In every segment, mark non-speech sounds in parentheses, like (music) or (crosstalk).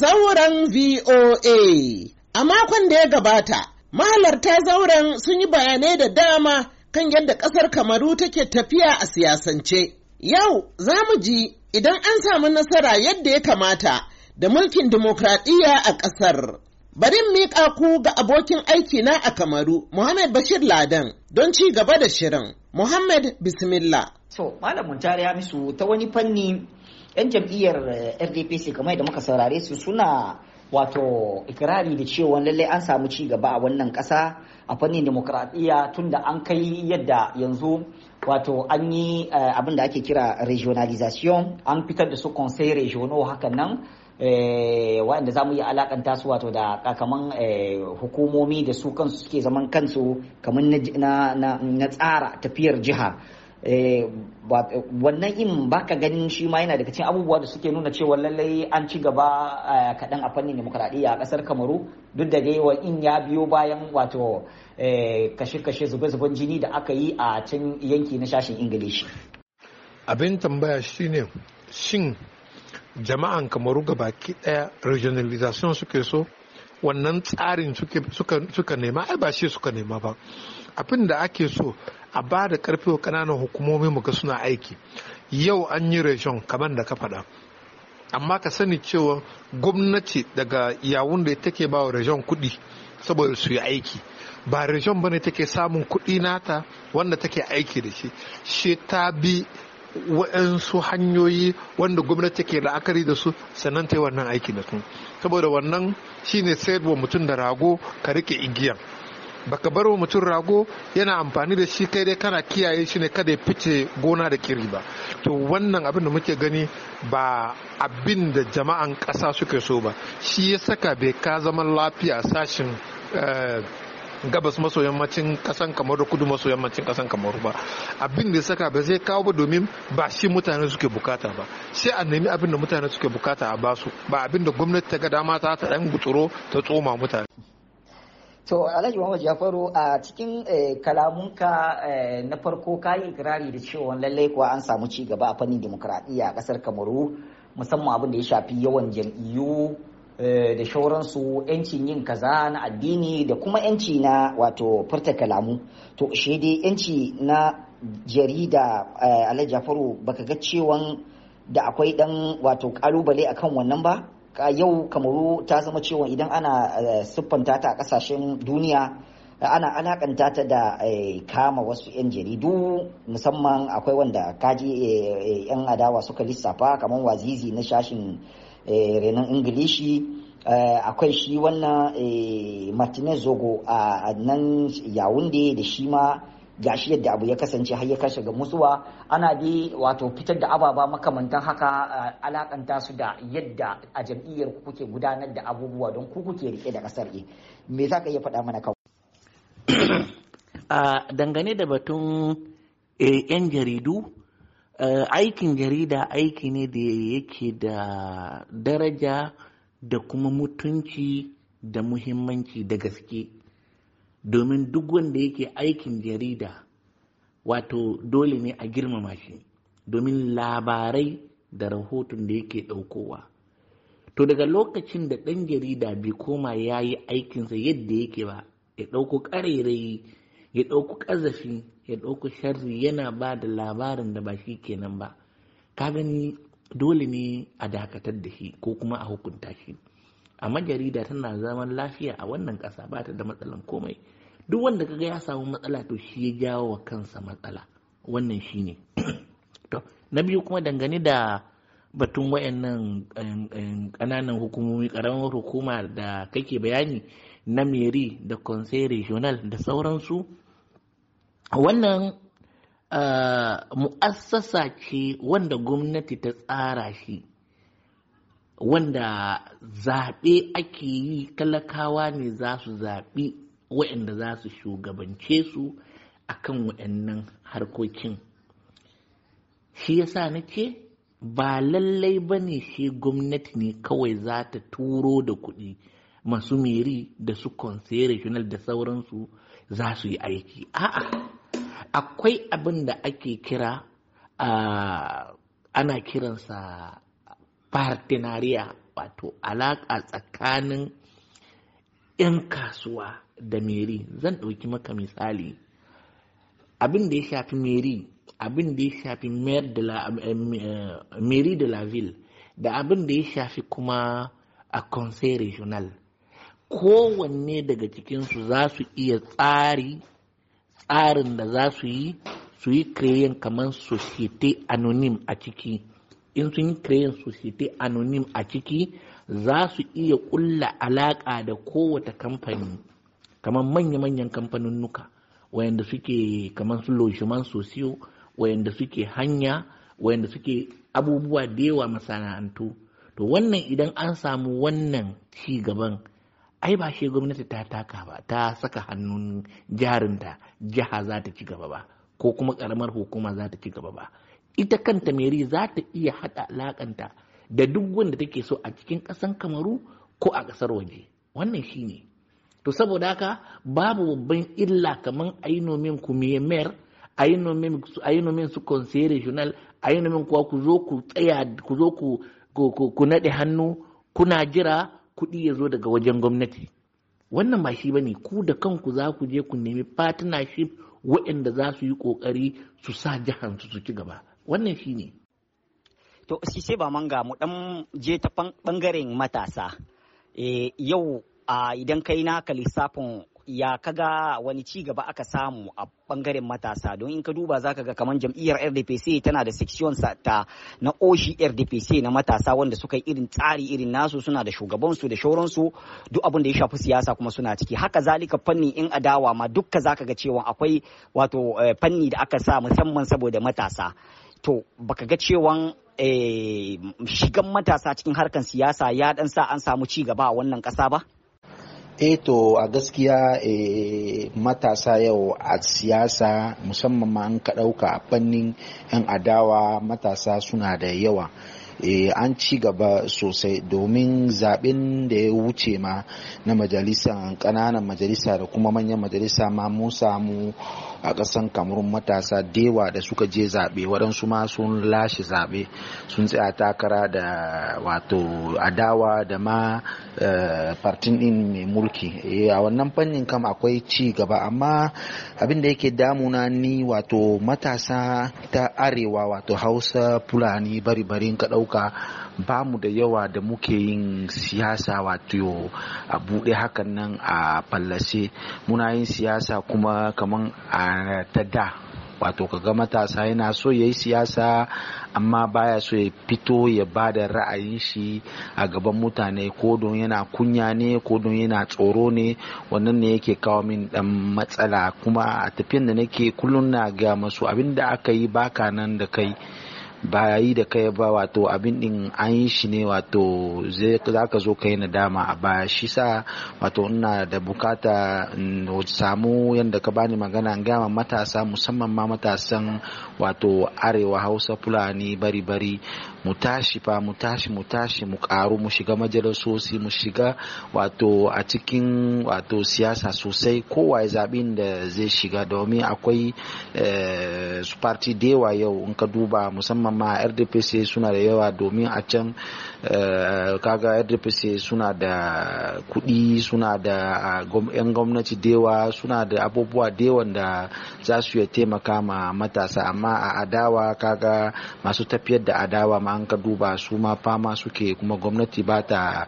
zauren VOA. A makon da ya gabata, mahalarta zauren sun yi bayanai da dama kan yadda ƙasar Kamaru take tafiya a siyasance. Yau za mu ji idan an samu nasara yadda ya kamata da mulkin dimokuraɗiyya a ƙasar. Barin miƙa ku ga abokin aikina a Kamaru, Muhammad Bashir Ladan, don ci gaba da shirin. Muhammad Bismillah. So, Malam ya misu ta wani fanni 'yan jam'iyyar rdpc eh, kamar da muka saurare su suna wato ikirari da cewa lallai an samu ci gaba a wannan ƙasa a fannin demokradiyya da an kai yadda yanzu wato an yi eh, abin da ake kira regionalization an fitar da su conseil regional hakan nan eh, waɗanda za mu yi alakanta su wato da kakaman hukumomi da su kansu suke zaman kansu kamar na tsara tafiyar jiha Eh, wannan in baka ganin shi ma yana daga cikin abubuwa da suke nuna cewa lallai an ci gaba eh, kaɗan a fannin demokradiyya a ƙasar kamaru duk da dai in ya biyo bayan wato eh, kashe-kashe zube-zuben jini da aka yi a can yanki na shashin ingilishi abin tambaya shine shin jama'an kamaru baki ɗaya regionalization suke so wannan tsarin suka nema ai ba shi suka nema ba abin da ake so a ba da karfi wa kananan hukumomi mu ga suna aiki yau an yi reshon kamar da ka faɗa amma ka sani cewa gwamnati daga yawun da take ba wa reshon kuɗi saboda su yi aiki ba ne bane take samun kuɗi nata wanda take aiki da shi shi ta bi waɗansu hanyoyi wanda gwamnati take la'akari da su sannan ta yi wannan aiki da su saboda wannan shine sayarwa mutum da rago ka rike igiyan baka bar wa mutum rago yana amfani da shi kai dai kana kiyaye shi ne kada ya fice gona da kiri ba to wannan abin da muke gani ba abin da jama'an ƙasa suke so ba shi ya saka bai ka zaman lafiya sashin eh, gabas maso yammacin kasan da kudu maso yammacin kasan kamaru ba abin da saka ba zai kawo ba domin ba shi mutane suke bukata ba sai a nemi abin da mutane suke bukata a basu ba abin da gwamnati ta ga dama ta ta dan gutsuro ta tsoma mutane To Alhaji Muhammad Jafaru a cikin eh, kalamunka eh, na farko kayi yi ikirari da cewa lallai kuwa an samu ci gaba a fannin dimokuraɗiyya a ƙasar Kamaru musamman abin da ya shafi yawan jam'iyyu eh, da shauransu yancin yin kaza na addini da kuma yanci na wato furta kalamu to shi dai yanci na jarida Alhaji Jafaru baka ga cewa da akwai dan wato kalubale akan wannan ba? yau kamaru ta zama cewa idan ana eh, siffanta ta a kasashen duniya eh, ana alakanta ta da eh, kama wasu 'yan jaridu musamman akwai wanda kaji 'yan adawa suka lissafa kamar wazizi na shashin renon ingilishi akwai shi wannan martinez zogo a nan yawunde da shi ma gashi yadda abu ya kasance har ya kashe ga musuwa ana dai wato fitar da ababa makamantan haka alakanta su da yadda a jam'iyyar ku kuke gudanar da abubuwa don ku kuke rike da kasar e me za ka iya faɗa mana kawai a dangane da batun yan jaridu aikin jarida aiki ne da yake da daraja da kuma mutunci da muhimmanci da gaske domin duk wanda yake aikin jarida wato dole ne a girmama shi domin labarai da rahoton da yake ɗaukowa to daga lokacin da ɗan jarida bai koma ya yi aikinsa yadda yake ba ya ɗauko ƙarairayi ya ɗauko ƙazafi ya ɗauko sharri yana ba da labarin da ba shi kenan ba ka gani dole ne a dakatar da shi ko kuma a hukunta shi amma jarida tana zaman lafiya a wannan ƙasa ba ta da matsalan komai duk wanda kaga ya samu matsala to shi ya jawo wa kansa matsala wannan shine (coughs) to na biyu kuma dangane da batun wayannan eh, eh, ƙananan hukumomi ƙaramin hukuma da kake bayani na meri da conseil regional da sauransu wannan eh, mu'assasa ce wanda gwamnati ta tsara shi wanda zaɓe ake yi talakawa ne za su zaɓi waɗanda za su shugabance su a kan waɗannan harkokin shi yasa na ce ba lallai ba ne shi gwamnati ne kawai za ta turo da kuɗi masu meri da su regional da sauransu za su yi aiki a'a akwai abin da ake kira ah, ana kiransa partenariya wato alaƙa tsakanin 'yan kasuwa da meri zan ɗauki maka misali abin da ya shafi meri abin da ya shafi meri eh, de la ville da abin da ya shafi kuma a conseil regional kowanne daga cikinsu za su iya tsari tsarin da za su yi su yi kreyen kamar societe anonim a ciki in sun yi su site anonim a ciki za su iya ƙulla alaƙa da kowace kamfani kamar manya-manyan kamfanin kamfaninnuka wayanda suke kamar su lojiman sosiyo wayanda suke hanya wayanda suke abubuwa da yawa masana'antu to wannan idan an samu wannan ci gaban ai ba shi gwamnati ta taka ba ta saka hannun jarinta jiha za ta ci gaba ba ko kuma karamar hukuma za ta ci gaba ba ita kanta Mary za ta iya haɗa alakanta da duk wanda take so a cikin ƙasan kamaru ko a ƙasar waje wannan shi ne to saboda haka babu babban illa kamar a yi nomin ku mayor a yi nomin su conseil regional a yi kuwa ku zo ku tsaya ku zo ku naɗe hannu kuna jira kuɗi ya zo daga wajen gwamnati wannan ba shi bane ku da kanku za ku je ku nemi partnership waɗanda za su yi ƙoƙari su sa jiharsu su ci gaba wannan shi ne to sai ba manga mu dan je ta bangaren matasa eh, yau idan kai naka lissafin ya kaga wani ci gaba aka samu a bangaren matasa don in ka duba za ka ga kamar jam'iyyar rdpc tana da section ta na oshi rdpc na matasa wanda suka yi irin tsari irin nasu suna da shugabansu da shauransu duk abin da ya shafi siyasa kuma suna ciki haka zalika fanni in adawa ma dukka za ka ga cewa akwai wato eh, fanni da aka sa musamman saboda matasa to baka ga cewan eh, shigan matasa cikin harkar siyasa ya dan sa an samu ci gaba a wannan ƙasa ba? eh to a gaskiya eh, matasa yau a siyasa musamman ma an ka ɗauka a fannin 'yan adawa matasa suna da yawa eh, an ci gaba sosai domin zaɓen da ya wuce ma na majalisa ƙananan majalisa da kuma manyan majalisa ma mun samu a ƙasan kamarun matasa dewa da suka je zaɓe waɗansu ma sun lashe zaɓe sun tsaya takara da wato adawa da ma fartin eh, ɗin mai mulki eh, a wannan fannin kam akwai ci gaba amma abin da yake damuna ni wato matasa ta arewa wato hausa fulani bari bari ka ɗauka ba mu da yawa da muke yin siyasa wato a buɗe hakan nan a fallase muna yin siyasa kuma kaman a ta da wato kaga matasa yana so ya yi siyasa amma baya so ya fito ya ba da ra'ayin shi a gaban mutane ko don yana kunya ne ko don yana tsoro ne wannan ne yake kawo min dan matsala kuma a tafiyan da nake kullum na ga masu abinda aka yi baka nan da kai ba yi da kai ba wato abin din an yi shi ne wato za ka zo ka yi nadama a baya shi sa wato ina da bukata samu yadda ka bani magana gama matasa musamman ma matasan wato arewa hausa fulani bari bari mu tashi fa mu tashi mu tashi mu karu mu shiga majalisosi mu shiga wato a cikin wato siyasa sosai kowa ya zaɓi da zai shiga domin akwai eh, su party da yawa yau in ka duba musamman musamman ma rdpc suna da yawa domin a can eh, kaga rdpc suna da kuɗi suna da 'yan ah, gwamnati dewa suna da abubuwa dewan da za su iya taimaka ma matasa amma a adawa kaga masu tafiyar da adawa ma an ka duba su ma fama suke kuma gwamnati ba ta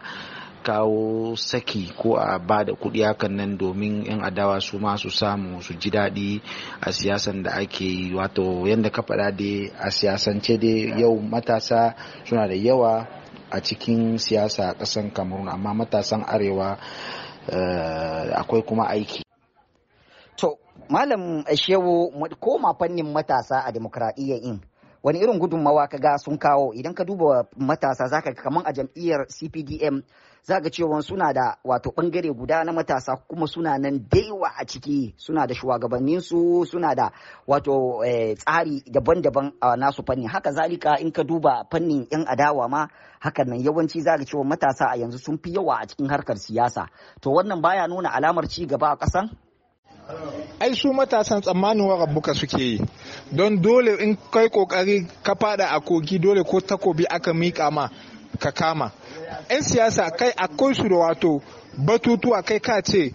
kawo saki ko a ba da kuɗi hakan nan domin 'yan adawa su ma su samu su ji daɗi a siyasan da ake yi wato yadda ka faɗa dai a siyasance dai yau matasa suna da yawa a cikin siyasa a ƙasan cameroon amma matasan arewa eh, akwai kuma aiki to malam koma fannin matasa a demokradiyya in wani irin gudunmawa ka ga sun kawo idan ka duba matasa zaka kaman a jam'iyyar cpdm za ga cewa suna da wato bangare guda na matasa kuma suna nan daiwa a ciki suna da shugabannin su suna da wato eh, tsari daban-daban a nasu fanni haka zalika in ka duba fannin yan adawa ma hakan nan yawanci za ga cewa matasa a yanzu sun fi yawa a cikin harkar siyasa to wannan baya nuna alamar ci gaba a kasan ai su matasan tsammanin wa rabbuka suke yi don dole in kai kokari ka fada a kogi dole ko takobi aka mika ma ka kama 'yan siyasa kai akwai su da wato batutuwa kai ka ce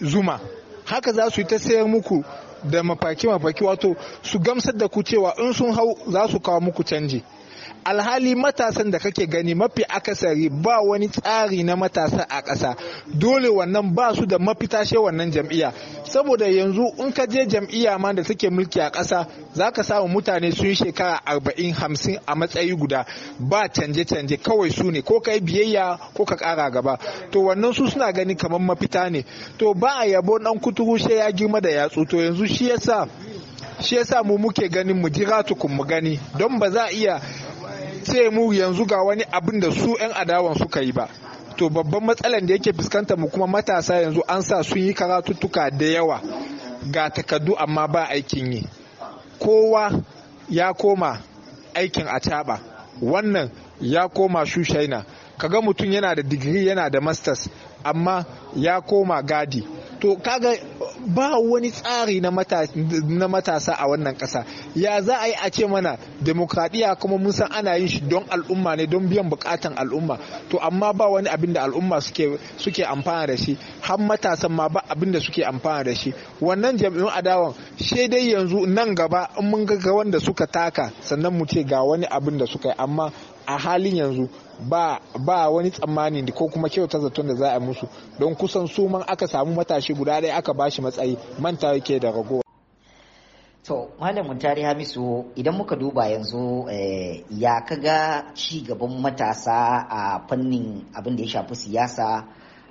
zuma haka za su yi ta sayar muku da mafaki-mafaki wato su gamsar da ku cewa in sun hau za su kawo muku canji alhali matasan da kake gani mafi akasari ba wani tsari na matasa a ƙasa dole wannan ba su da mafita she wannan jam'iyya saboda yanzu in ka je jam'iyya ma da take mulki a ƙasa za ka samu mutane sun shekara arba'in hamsin a matsayi guda ba canje-canje kawai su ne ko kai biyayya ko ka ƙara gaba to wannan su suna gani kamar mafita ne to ba a yabo ɗan kuturu she ya girma da yatsu to yanzu shi yasa shi mu muke ganin mu jira tukun mu gani don ba za a iya ce mu yanzu ga wani abin da su 'yan adawan suka yi ba to babban matsalan da yake fuskanta mu kuma matasa yanzu an sa sun yi karatuttuka da yawa ga takardu amma ba aikin yi kowa ya koma aikin a wannan ya koma shushaina kaga mutum yana da digiri yana da masters amma ya koma gadi to kaga ba wani tsari na matasa a wannan ƙasa ya za a yi a ce mana demokradiyya kuma mun san ana yin shi don al'umma ne don biyan bukatan al'umma to amma ba wani abin da al'umma suke amfana da shi har matasan ma ba abin da suke amfana da shi wannan jami'un adawan sai dai yanzu nan gaba in mun ga wanda suka taka sannan mu ce ga wani abin da suka yi amma a halin yanzu ba ba wani tsammani ko kuma kyauta zaton da za a musu don kusan suman aka samu matashi guda ɗaya aka ba shi matsayi manta yake da ragowa To, Malam tari Hamisu idan muka duba yanzu eh, ya kaga ci gaban matasa a fannin abin da ya shafi siyasa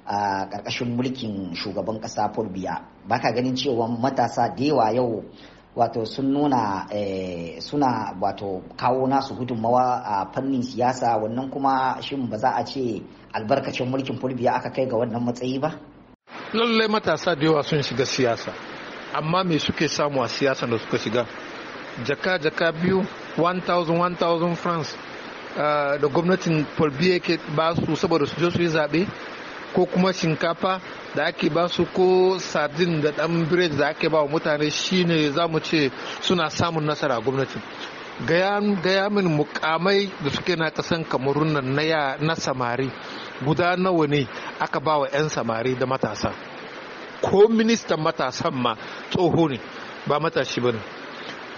a ƙarƙashin mulkin shugaban ƙasa Fulbiya. Baka ganin cewa matasa da yawa yau wato sun nuna eh, suna wato kawo nasu gudunmawa a fannin siyasa wannan kuma shin ba za a ce albarkacin mulkin fulbiya aka kai ga wannan matsayi ba lallai matasa da yawa sun shiga siyasa amma me suke samu a siyasa da suka shiga jaka jaka biyu 1000 1000 france da gwamnatin fulbiya ke ba su saboda su je su yi zaɓe ko kuma shinkafa da ake ba su ko sardin da dan bread da ake ba wa mutane shine za mu ce suna samun nasara a gwamnati gaya min mukamai da suke na kasan kamarun nan na samari guda nawa ne aka ba wa 'yan samari da matasa ko ministan matasan ma tsoho ne ba matashi ba ne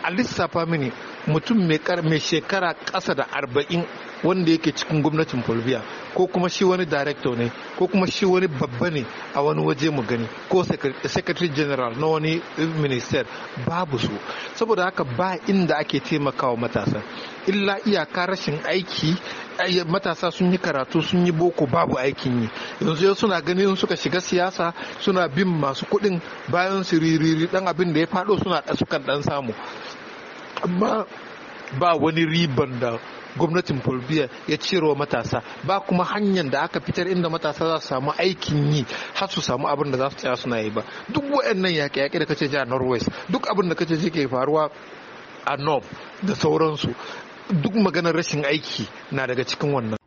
a lissafa mini mutum mai shekara ƙasa da arba'in wanda yake cikin gwamnatin bolivia ko kuma shi wani director ne ko kuma shi wani babba ne a wani waje mu gani ko secretary general na wani minister babu su saboda haka ba inda ake taimakawa matasa illa iyaka rashin aiki matasa sun yi karatu sun yi boko babu aikin yi yanzu yau suna ganin suka shiga siyasa suna bin masu kuɗin bayan su ririri dan abin da ya faɗo suna sukan dan samu amma ba wani riban da gwamnatin bolivia ya cirewa matasa ba kuma hanyar da aka fitar inda matasa za su samu aikin yi har su samu abin da za su tsaya suna yi ba duk nan yaƙe-yaƙe da kace jihar norway duk abin da kace ke faruwa a nob da sauransu duk maganar rashin aiki na daga cikin wannan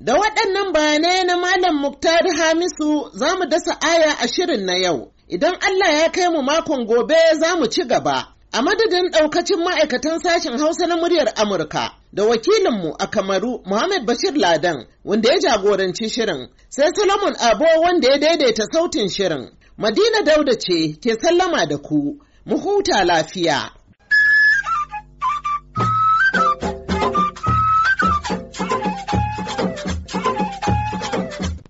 Da waɗannan bayanai na Malam Muktar Hamisu za mu dasa aya a shirin na yau. Idan Allah ya kai mu makon gobe za mu ci gaba. A madadin ɗaukacin ma'aikatan sashen Hausa na muryar Amurka, da wakilinmu a Kamaru Muhammad Bashir Ladan wanda ya jagoranci shirin sai Solomon Abo wanda ya daidaita sautin shirin. Madina Dauda ce ke sallama da ku, mu huta lafiya.